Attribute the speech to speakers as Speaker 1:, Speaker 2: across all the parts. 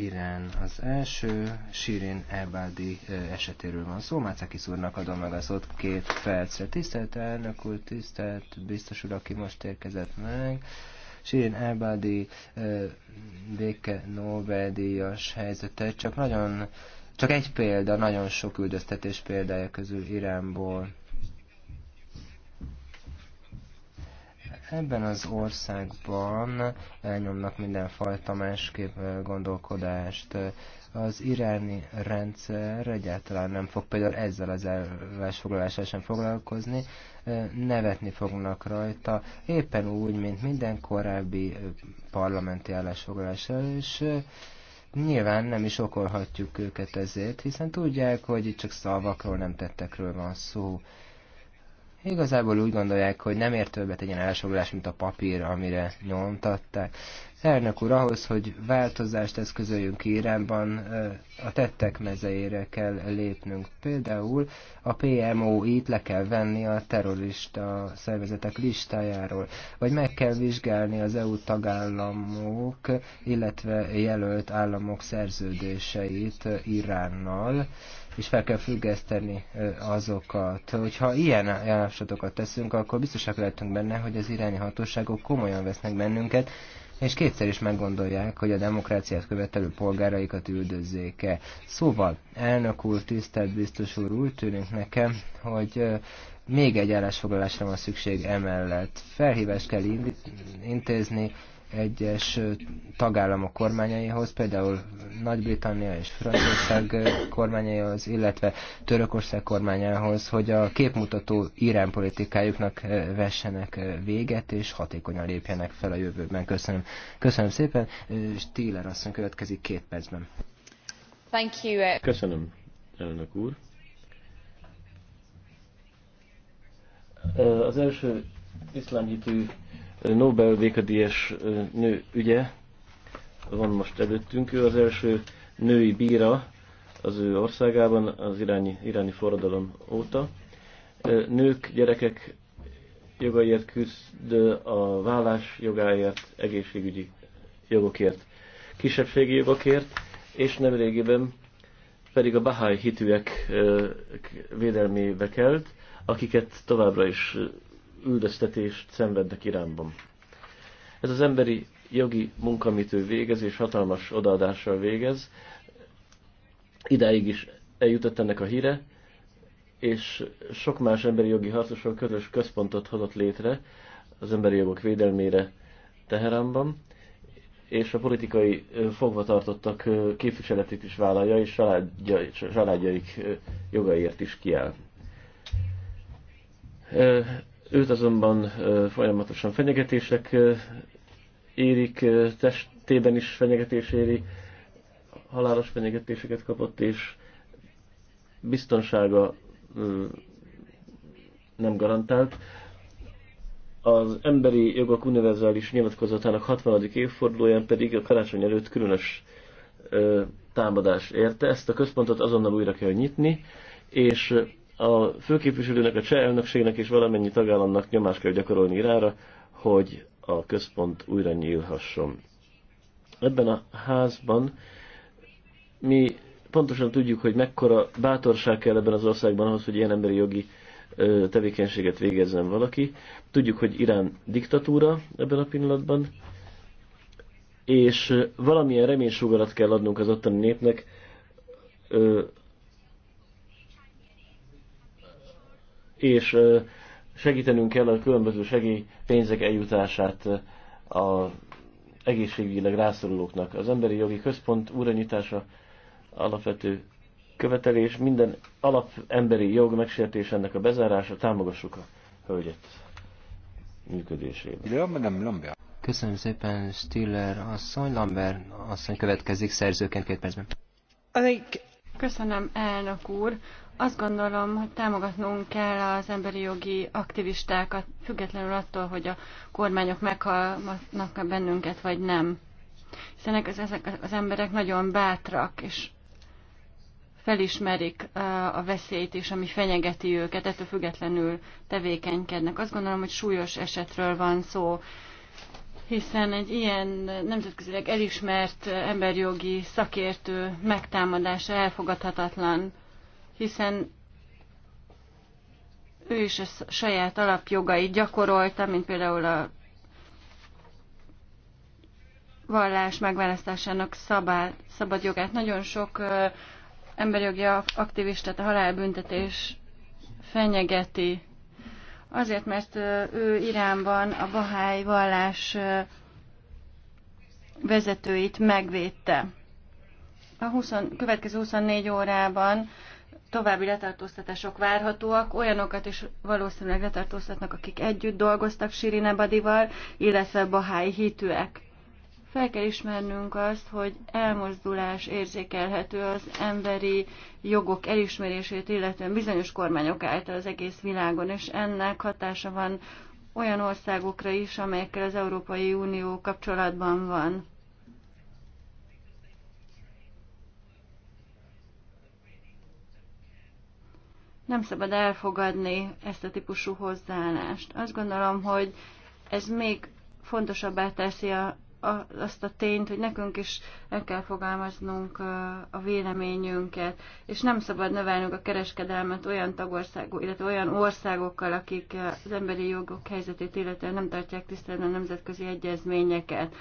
Speaker 1: Irán az első, Sirin Ebádi esetéről van szó. Mácáki úrnak adom meg az ott két percre. Tisztelt elnök úr, tisztelt biztos úr, aki most érkezett meg. Sirin Ebádi béke Nobel-díjas helyzete, csak nagyon csak egy példa, nagyon sok üldöztetés példája közül Iránból Ebben az országban elnyomnak mindenfajta másképp gondolkodást. Az iráni rendszer egyáltalán nem fog például ezzel az állásfoglalással sem foglalkozni, nevetni fognak rajta, éppen úgy, mint minden korábbi parlamenti állásfoglalással, és nyilván nem is okolhatjuk őket ezért, hiszen tudják, hogy itt csak szavakról, nem tettekről van szó. Igazából úgy gondolják, hogy nem ér többet egy ilyen elsoglás, mint a papír, amire nyomtatták. Elnök úr, ahhoz, hogy változást eszközöljünk Iránban, a tettek mezeére kell lépnünk. Például a PMO-it le kell venni a terrorista szervezetek listájáról, vagy meg kell vizsgálni az EU tagállamok, illetve jelölt államok szerződéseit Iránnal, és fel kell függeszteni azokat. Hogyha ilyen javaslatokat teszünk, akkor biztosak lehetünk benne, hogy az irányi hatóságok komolyan vesznek bennünket, és kétszer is meggondolják, hogy a demokráciát követelő polgáraikat üldözzék-e. Szóval, elnök úr, tisztelt biztos úr, úgy tűnik nekem, hogy még egy állásfoglalásra van szükség emellett. Felhívást kell intézni egyes tagállamok kormányaihoz, például Nagy-Britannia és Franciaország kormányaihoz, illetve Törökország kormányához, hogy a képmutató Irán politikájuknak vessenek véget, és hatékonyan lépjenek fel a jövőben. Köszönöm. Köszönöm szépen. Stíler asszony következik két percben.
Speaker 2: Thank you. Uh,
Speaker 1: Köszönöm, elnök úr. Az első
Speaker 3: iszlámhitű Nobel békadíjas nő ügye van most előttünk. Ő az első női bíra az ő országában az iráni, iráni forradalom óta. Nők, gyerekek jogaiért küzd, a vállás jogáért, egészségügyi jogokért, kisebbségi jogokért, és nemrégiben pedig a Bahá'í hitűek védelmébe kelt, akiket továbbra is üldöztetést szenvednek Iránban. Ez az emberi jogi munka, amit ő végez, és hatalmas odaadással végez, idáig is eljutott ennek a híre, és sok más emberi jogi harcosok közös központot hozott létre az emberi jogok védelmére Teheránban, és a politikai fogvatartottak képviseletét is vállalja, és családjaik jogaiért is kiáll. Őt azonban folyamatosan fenyegetések érik, testében is fenyegetés éri, halálos fenyegetéseket kapott, és biztonsága nem garantált. Az Emberi Jogok Univerzális Nyilatkozatának 60. évfordulóján pedig a karácsony előtt különös támadás érte. Ezt a központot azonnal újra kell nyitni, és a főképviselőnek, a cseh elnökségnek és valamennyi tagállamnak nyomás kell gyakorolni irára, hogy a központ újra nyílhasson. Ebben a házban mi pontosan tudjuk, hogy mekkora bátorság kell ebben az országban ahhoz, hogy ilyen emberi jogi tevékenységet végezzen valaki. Tudjuk, hogy Irán diktatúra ebben a pillanatban, és valamilyen reménysugarat kell adnunk az ottani népnek és segítenünk kell a különböző segélypénzek eljutását az egészségügyileg rászorulóknak. Az Emberi Jogi Központ újranyitása alapvető követelés, minden alap emberi jog megsértés ennek a bezárása, támogassuk a hölgyet
Speaker 1: működésében. Köszönöm szépen, Stiller asszony, Lambert asszony következik szerzőként két percben.
Speaker 2: Köszönöm, elnök úr. Azt gondolom, hogy támogatnunk kell az emberi jogi aktivistákat, függetlenül attól, hogy a kormányok meghallgatnak -e bennünket, vagy nem. Hiszen ezek az emberek nagyon bátrak, és felismerik a veszélyt és ami fenyegeti őket, ettől függetlenül tevékenykednek. Azt gondolom, hogy súlyos esetről van szó, hiszen egy ilyen nemzetközileg elismert emberjogi szakértő megtámadása elfogadhatatlan hiszen ő is a saját alapjogait gyakorolta, mint például a vallás megválasztásának szabad, szabad jogát. Nagyon sok emberjogi aktivistát a halálbüntetés fenyegeti. Azért, mert ő Iránban a Bahá'í vallás vezetőit megvédte. A 20, következő 24 órában további letartóztatások várhatóak, olyanokat is valószínűleg letartóztatnak, akik együtt dolgoztak Sirine Badival, illetve Bahái hitűek. Fel kell ismernünk azt, hogy elmozdulás érzékelhető az emberi jogok elismerését, illetően bizonyos kormányok által az egész világon, és ennek hatása van olyan országokra is, amelyekkel az Európai Unió kapcsolatban van. Nem szabad elfogadni ezt a típusú hozzáállást. Azt gondolom, hogy ez még fontosabbá teszi a, a, azt a tényt, hogy nekünk is el kell fogalmaznunk a, a véleményünket, és nem szabad növelnünk a kereskedelmet olyan tagországok, illetve olyan országokkal, akik az emberi jogok helyzetét illetően nem tartják tisztelni a nemzetközi egyezményeket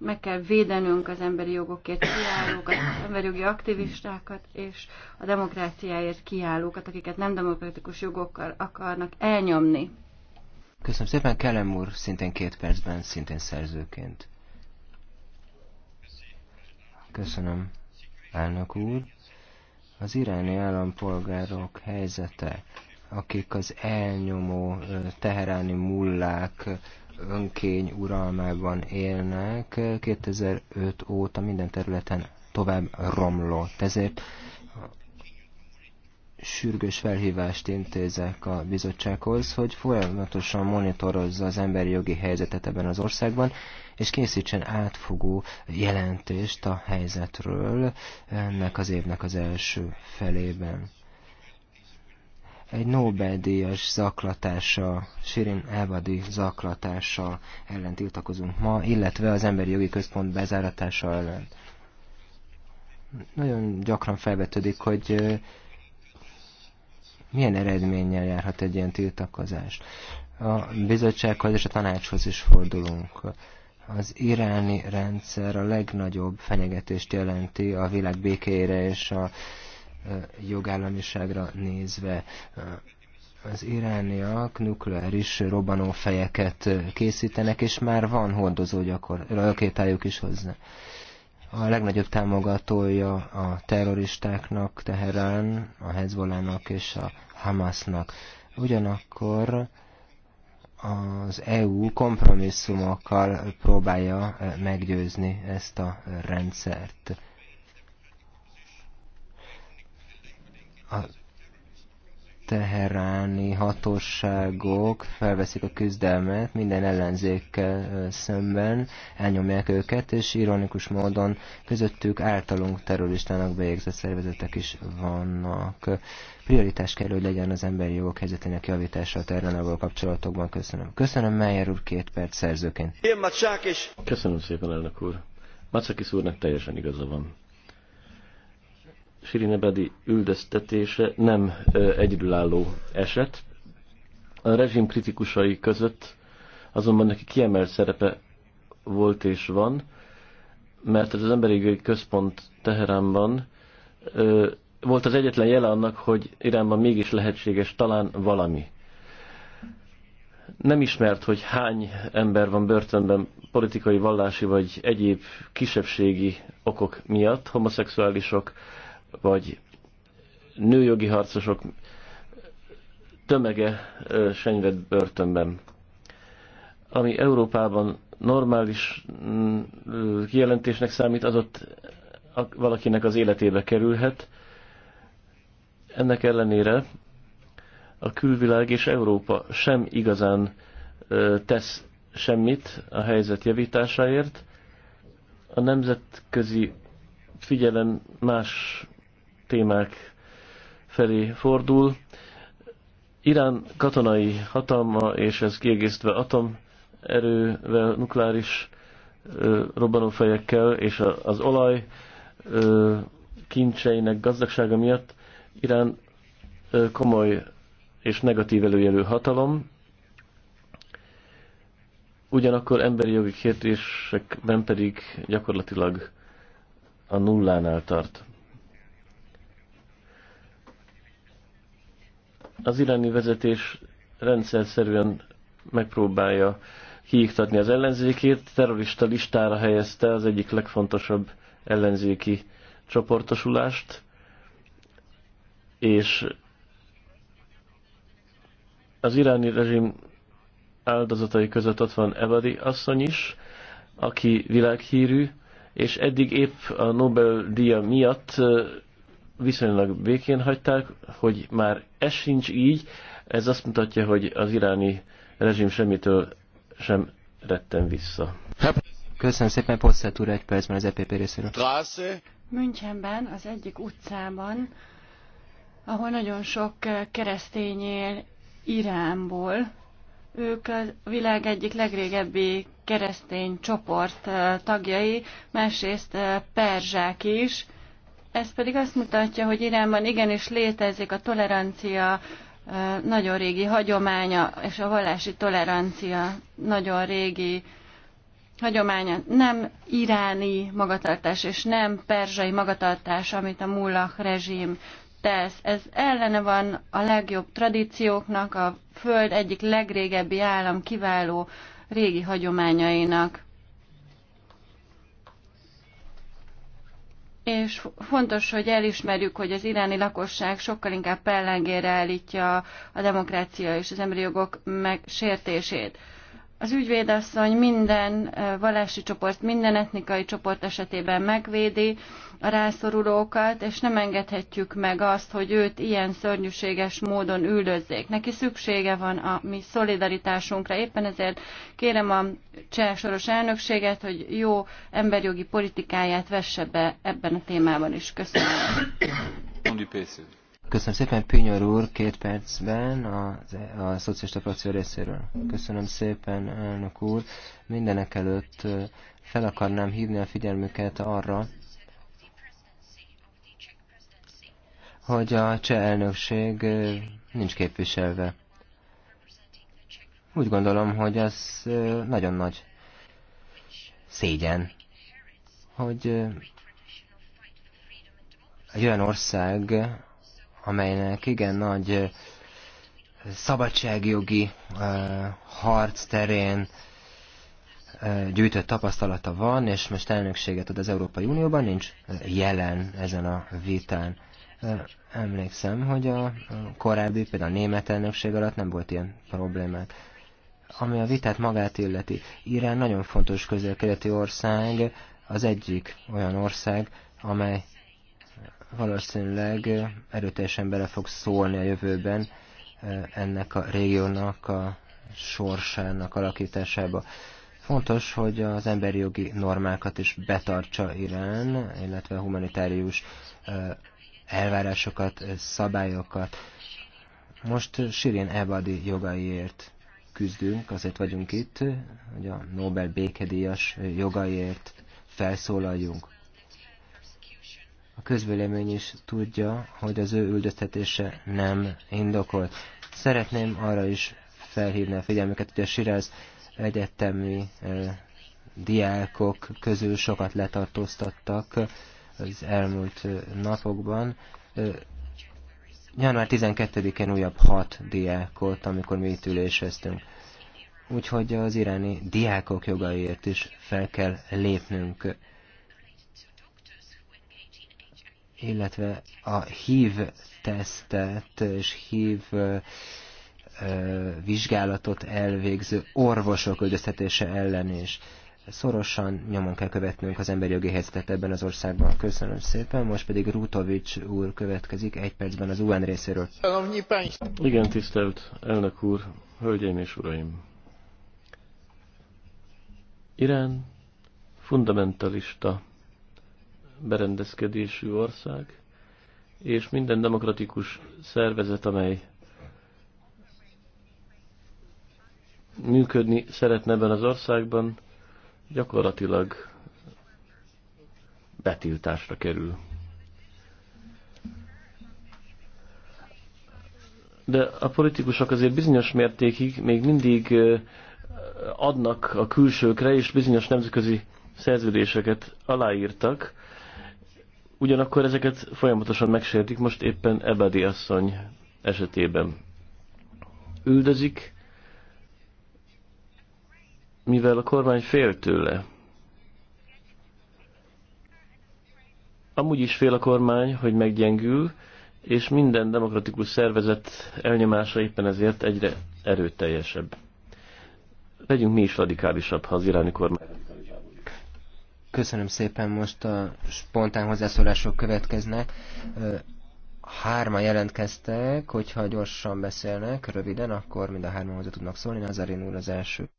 Speaker 2: meg kell védenünk az emberi jogokért kiállókat, az emberi jogi aktivistákat és a demokráciáért kiállókat, akiket nem demokratikus jogokkal akarnak elnyomni. Köszönöm
Speaker 1: szépen, Kellem úr, szintén két percben, szintén szerzőként. Köszönöm, elnök úr. Az iráni állampolgárok helyzete, akik az elnyomó teheráni mullák önkény uralmában élnek, 2005 óta minden területen tovább romlott. Ezért sürgős felhívást intézek a bizottsághoz, hogy folyamatosan monitorozza az emberi jogi helyzetet ebben az országban, és készítsen átfogó jelentést a helyzetről ennek az évnek az első felében egy Nobel-díjas zaklatása, Sirin Elvadi zaklatása ellen tiltakozunk ma, illetve az Emberi Jogi Központ bezáratása ellen. Nagyon gyakran felvetődik, hogy milyen eredménnyel járhat egy ilyen tiltakozás. A bizottsághoz és a tanácshoz is fordulunk. Az iráni rendszer a legnagyobb fenyegetést jelenti a világ békére és a jogállamiságra nézve az irániak nukleáris robbanófejeket készítenek, és már van hordozó gyakor, rakétájuk is hozzá. A legnagyobb támogatója a terroristáknak, Teherán, a Hezbollának és a Hamasnak. Ugyanakkor az EU kompromisszumokkal próbálja meggyőzni ezt a rendszert a teheráni hatóságok felveszik a küzdelmet minden ellenzékkel szemben, elnyomják őket, és ironikus módon közöttük általunk terroristának bejegyzett szervezetek is vannak. Prioritás kell, hogy legyen az emberi jogok helyzetének javítása a terrenával kapcsolatokban. Köszönöm. Köszönöm, Meyer úr, két perc szerzőként. Köszönöm szépen, elnök úr. Macakis
Speaker 3: úrnak teljesen igaza van Sirinebedi üldöztetése nem egyedülálló eset. A rezsim kritikusai között azonban neki kiemelt szerepe volt és van, mert az emberi központ Teheránban ö, volt az egyetlen jele annak, hogy Iránban mégis lehetséges talán valami. Nem ismert, hogy hány ember van börtönben politikai, vallási vagy egyéb kisebbségi okok miatt, homoszexuálisok, vagy nőjogi harcosok tömege senyved börtönben. Ami Európában normális mm, kijelentésnek számít, az ott valakinek az életébe kerülhet. Ennek ellenére a külvilág és Európa sem igazán tesz semmit a helyzet javításáért. A nemzetközi figyelem más témák felé fordul. Irán katonai hatalma, és ez kiegészítve atomerővel, nukleáris robbanófejekkel és az olaj kincseinek gazdagsága miatt Irán komoly és negatív előjelő hatalom, ugyanakkor emberi jogi kérdésekben pedig gyakorlatilag a nullánál tart. Az iráni vezetés rendszerszerűen megpróbálja kiiktatni az ellenzékét, terrorista listára helyezte az egyik legfontosabb ellenzéki csoportosulást, és az iráni rezsim áldozatai között ott van Evadi asszony is, aki világhírű, és eddig épp a Nobel-díja miatt viszonylag békén hagyták, hogy már ez sincs így, ez azt mutatja, hogy az iráni rezsim semmitől
Speaker 1: sem retten vissza. Köszönöm szépen, Posszát úr egy percben az EPP részéről.
Speaker 2: Münchenben, az egyik utcában, ahol nagyon sok eh, keresztény él Iránból, ők a világ egyik legrégebbi keresztény csoport eh, tagjai, másrészt eh, perzsák is, ez pedig azt mutatja, hogy Iránban igenis létezik a tolerancia nagyon régi hagyománya, és a vallási tolerancia nagyon régi hagyománya. Nem iráni magatartás, és nem perzsai magatartás, amit a mullah rezsim tesz. Ez ellene van a legjobb tradícióknak, a föld egyik legrégebbi állam kiváló régi hagyományainak. és fontos, hogy elismerjük, hogy az iráni lakosság sokkal inkább pellengére állítja a demokrácia és az emberi jogok megsértését. Az ügyvédasszony minden vallási csoport, minden etnikai csoport esetében megvédi a rászorulókat, és nem engedhetjük meg azt, hogy őt ilyen szörnyűséges módon üldözzék. Neki szüksége van a mi szolidaritásunkra. Éppen ezért kérem a cseh soros elnökséget, hogy jó emberjogi politikáját vesse be ebben a témában is. Köszönöm.
Speaker 1: Köszönöm szépen, Pinyor úr, két percben a, a szocialista frakció részéről. Köszönöm szépen, elnök úr. Mindenek előtt fel akarnám hívni a figyelmüket arra, hogy a cseh elnökség nincs képviselve. Úgy gondolom, hogy ez nagyon nagy szégyen, hogy egy olyan ország, amelynek igen nagy szabadságjogi harc terén gyűjtött tapasztalata van, és most elnökséget ad az Európai Unióban, nincs jelen ezen a vitán. Emlékszem, hogy a korábbi, például a német elnökség alatt nem volt ilyen problémák. Ami a vitát magát illeti, Irán nagyon fontos közel-keleti ország, az egyik olyan ország, amely valószínűleg erőteljesen bele fog szólni a jövőben eh, ennek a régiónak a sorsának alakításába. Fontos, hogy az emberi jogi normákat is betartsa Irán, illetve a humanitárius eh, elvárásokat, szabályokat. Most Sirin Ebadi jogaiért küzdünk, azért vagyunk itt, hogy a Nobel békedíjas jogaiért felszólaljunk. A közvélemény is tudja, hogy az ő üldöztetése nem indokolt. Szeretném arra is felhívni a figyelmüket, hogy a Siráz egyetemi diákok közül sokat letartóztattak az elmúlt napokban. Január 12-én újabb hat diákot, amikor mi itt üléseztünk. Úgyhogy az iráni diákok jogaiért is fel kell lépnünk. illetve a HIV tesztet és HIV vizsgálatot elvégző orvosok üldöztetése ellen is. Szorosan nyomon kell követnünk az emberi jogi helyzetet ebben az országban. Köszönöm szépen, most pedig Rutovics úr következik egy percben az UN részéről. Igen, tisztelt elnök úr, hölgyeim és uraim!
Speaker 3: Irán fundamentalista berendezkedésű ország, és minden demokratikus szervezet, amely működni szeretne ebben az országban, gyakorlatilag betiltásra kerül. De a politikusok azért bizonyos mértékig még mindig adnak a külsőkre, és bizonyos nemzetközi szerződéseket aláírtak, Ugyanakkor ezeket folyamatosan megsértik, most éppen Ebedi asszony esetében üldözik, mivel a kormány fél tőle. Amúgy is fél a kormány, hogy meggyengül, és minden demokratikus szervezet elnyomása éppen ezért egyre erőteljesebb. Legyünk mi is radikálisabb, ha az iráni kormány.
Speaker 1: Köszönöm szépen, most a spontán hozzászólások következnek. Hárma jelentkeztek, hogyha gyorsan beszélnek, röviden, akkor mind a hárman hozzá tudnak szólni. Nazarin úr az első.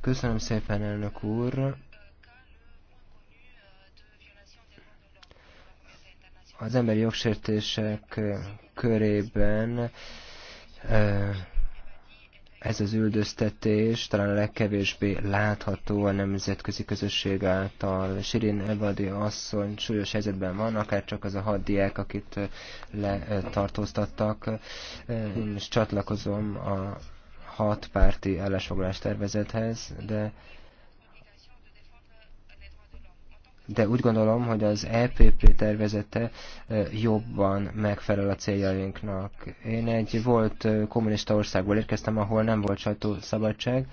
Speaker 1: Köszönöm szépen, elnök úr. Az emberi jogsértések körében ez az üldöztetés talán a legkevésbé látható a nemzetközi közösség által. Sirin Evadi asszony súlyos helyzetben van, akár csak az a hat diák, akit letartóztattak. Én is csatlakozom a hat párti állásfoglalás tervezethez, de de úgy gondolom, hogy az EPP tervezete jobban megfelel a céljainknak. Én egy volt kommunista országból érkeztem, ahol nem volt sajtószabadság.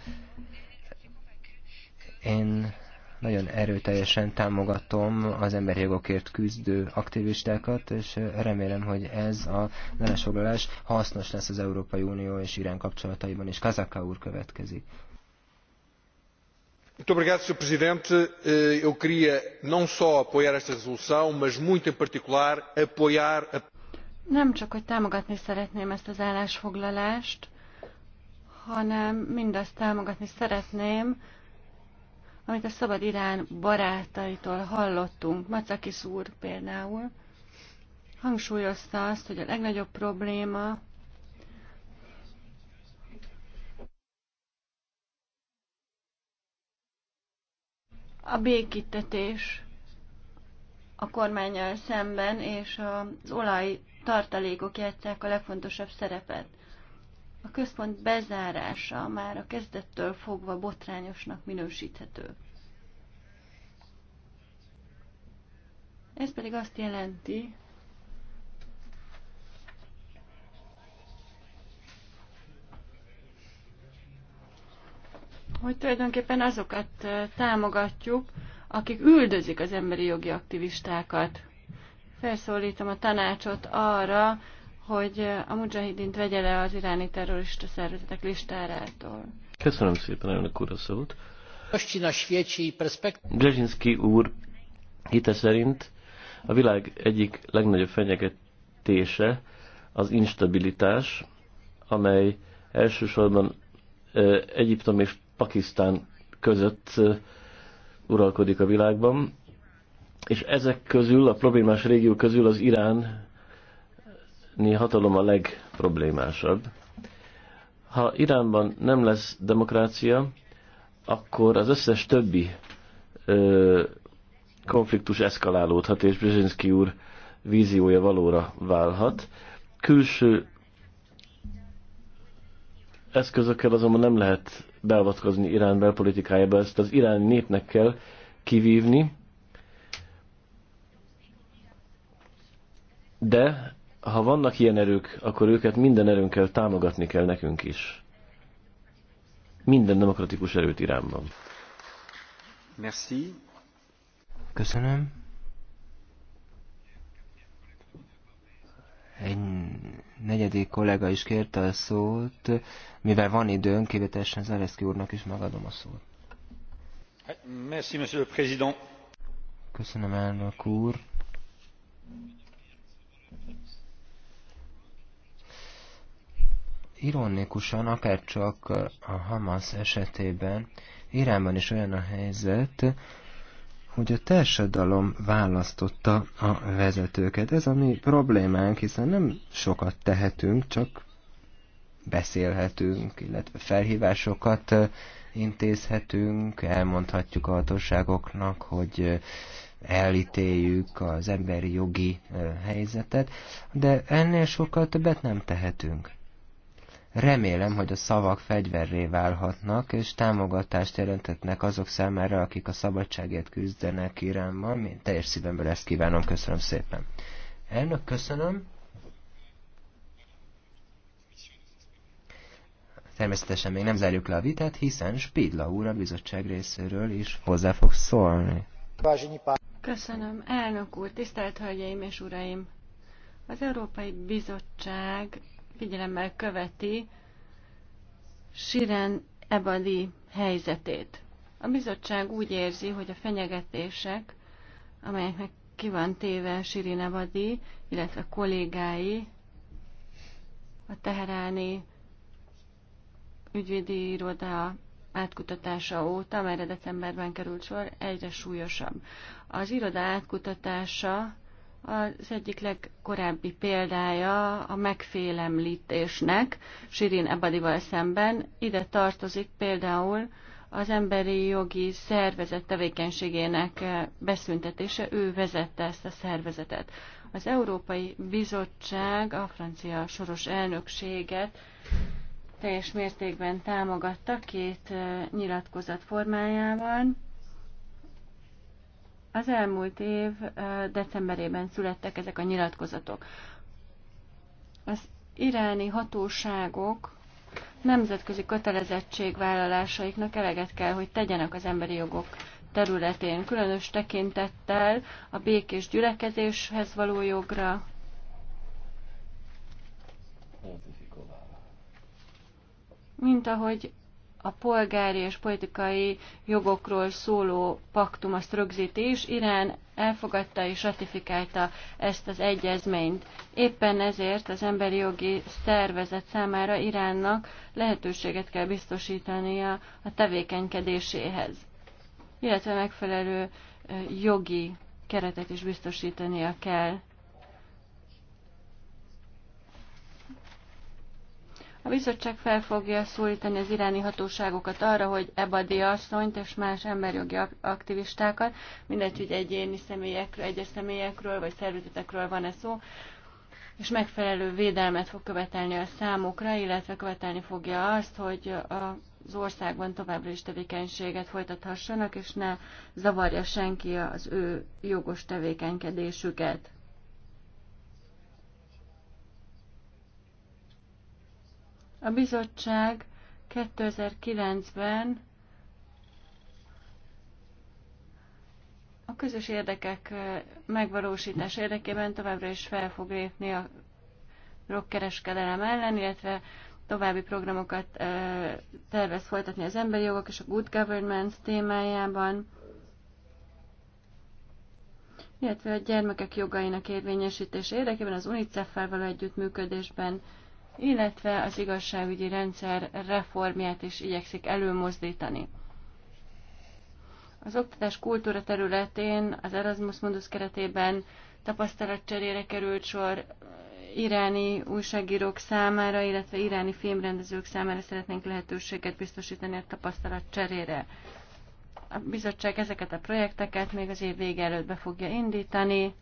Speaker 1: Én nagyon erőteljesen támogatom az emberi jogokért küzdő aktivistákat, és remélem, hogy ez a állásfoglalás hasznos lesz az Európai Unió és Irán kapcsolataiban, és Kazaka úr következik
Speaker 2: senhor presidente eh, eu queria não só apoiar esta resolução mas muito em particular apoiar a. nem csak hogy támogatni szeretném ezt az állásfoglalást hanem mindazt támogatni szeretném amit a Szabad Irán barátaitól hallottunk. Macakis úr például hangsúlyozta azt, hogy a legnagyobb probléma a békítetés a kormányjal szemben, és az olaj tartalékok játszák a legfontosabb szerepet. A központ bezárása már a kezdettől fogva botrányosnak minősíthető. Ez pedig azt jelenti, hogy tulajdonképpen azokat támogatjuk, akik üldözik az emberi jogi aktivistákat. Felszólítom a tanácsot arra, hogy a mujahidint vegye le az iráni terrorista szervezetek listárától.
Speaker 3: Köszönöm szépen, elnök úr, a szót. Brzezinski úr hite szerint a világ egyik legnagyobb fenyegetése az instabilitás, amely elsősorban Egyiptom és Pakisztán között uralkodik a világban, és ezek közül, a problémás régió közül az iráni hatalom a legproblémásabb. Ha Iránban nem lesz demokrácia, akkor az összes többi ö, konfliktus eszkalálódhat, és Brzezinski úr víziója valóra válhat. Külső eszközökkel azonban nem lehet beavatkozni Irán belpolitikájába, ezt az Irán népnek kell kivívni, de ha vannak ilyen erők, akkor őket minden erőnkkel támogatni kell nekünk is. Minden demokratikus erőt Iránban.
Speaker 2: Merci.
Speaker 1: Köszönöm. Egy negyedik kollega is kérte a szót, mivel van időnk, kivételesen Zaleszki úrnak is megadom a szót.
Speaker 2: Merci, monsieur le président.
Speaker 1: Köszönöm, elnök úr. Ironikusan, akár csak a Hamas esetében, Iránban is olyan a helyzet, hogy a társadalom választotta a vezetőket. Ez a mi problémánk, hiszen nem sokat tehetünk, csak beszélhetünk, illetve felhívásokat intézhetünk, elmondhatjuk a hatóságoknak, hogy elítéljük az emberi jogi helyzetet, de ennél sokkal többet nem tehetünk. Remélem, hogy a szavak fegyverré válhatnak, és támogatást jelentetnek azok számára, akik a szabadságért küzdenek Iránban. Én teljes szívemből ezt kívánom, köszönöm szépen. Elnök, köszönöm. Természetesen még nem zárjuk le a vitát, hiszen Spidla úr a bizottság részéről is hozzá fog szólni.
Speaker 2: Köszönöm. Elnök úr, tisztelt Hölgyeim és Uraim! Az Európai Bizottság figyelemmel követi Siren Ebadi helyzetét. A bizottság úgy érzi, hogy a fenyegetések, amelyeknek ki van téve Sirin Ebadi, illetve kollégái, a teheráni ügyvédi iroda átkutatása óta, amelyre decemberben került sor, egyre súlyosabb. Az iroda átkutatása az egyik legkorábbi példája a megfélemlítésnek Sirin Ebadival szemben. Ide tartozik például az emberi jogi szervezet tevékenységének eh, beszüntetése, ő vezette ezt a szervezetet. Az Európai Bizottság a francia soros elnökséget teljes mértékben támogatta két eh, nyilatkozat formájában. Az elmúlt év decemberében születtek ezek a nyilatkozatok. Az iráni hatóságok nemzetközi kötelezettségvállalásaiknak eleget kell, hogy tegyenek az emberi jogok területén, különös tekintettel a békés gyülekezéshez való jogra, mint ahogy a polgári és politikai jogokról szóló paktum azt rögzíti is. Irán elfogadta és ratifikálta ezt az egyezményt. Éppen ezért az emberi jogi szervezet számára Iránnak lehetőséget kell biztosítania a tevékenykedéséhez, illetve megfelelő jogi keretet is biztosítania kell A bizottság fel fogja szólítani az iráni hatóságokat arra, hogy Ebadi asszonyt és más emberjogi aktivistákat, mindegy, hogy egyéni személyekről, egyes személyekről vagy szervezetekről van-e szó, és megfelelő védelmet fog követelni a számukra, illetve követelni fogja azt, hogy az országban továbbra is tevékenységet folytathassanak, és ne zavarja senki az ő jogos tevékenykedésüket. A bizottság 2009-ben a közös érdekek megvalósítás érdekében továbbra is fel fog lépni a drogkereskedelem ellen, illetve további programokat tervez folytatni az emberi jogok és a good governance témájában, illetve a gyermekek jogainak érvényesítés érdekében az UNICEF-fel való együttműködésben illetve az igazságügyi rendszer reformját is igyekszik előmozdítani. Az oktatás kultúra területén az Erasmus Mundus keretében tapasztalatcserére került sor iráni újságírók számára, illetve iráni filmrendezők számára szeretnénk lehetőséget biztosítani a tapasztalatcserére. A bizottság ezeket a projekteket még az év vége előtt be fogja indítani,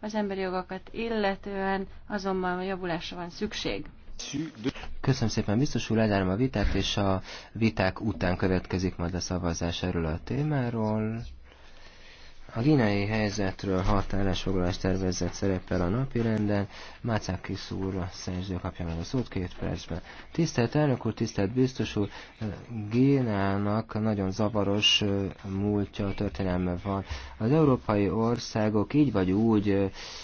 Speaker 2: az emberi jogokat illetően azonban javulásra van szükség.
Speaker 1: Köszönöm szépen, biztos úr, lezárom a vitát, és a viták után következik majd a szavazás erről a témáról. A guineai helyzetről hat állásfoglalás tervezett szerepel a napi renden. Mácákis úr, a szerző kapja meg a szót két percben. Tisztelt elnök úr, tisztelt biztos úr, Génának nagyon zavaros múltja, történelme van. Az európai országok így vagy úgy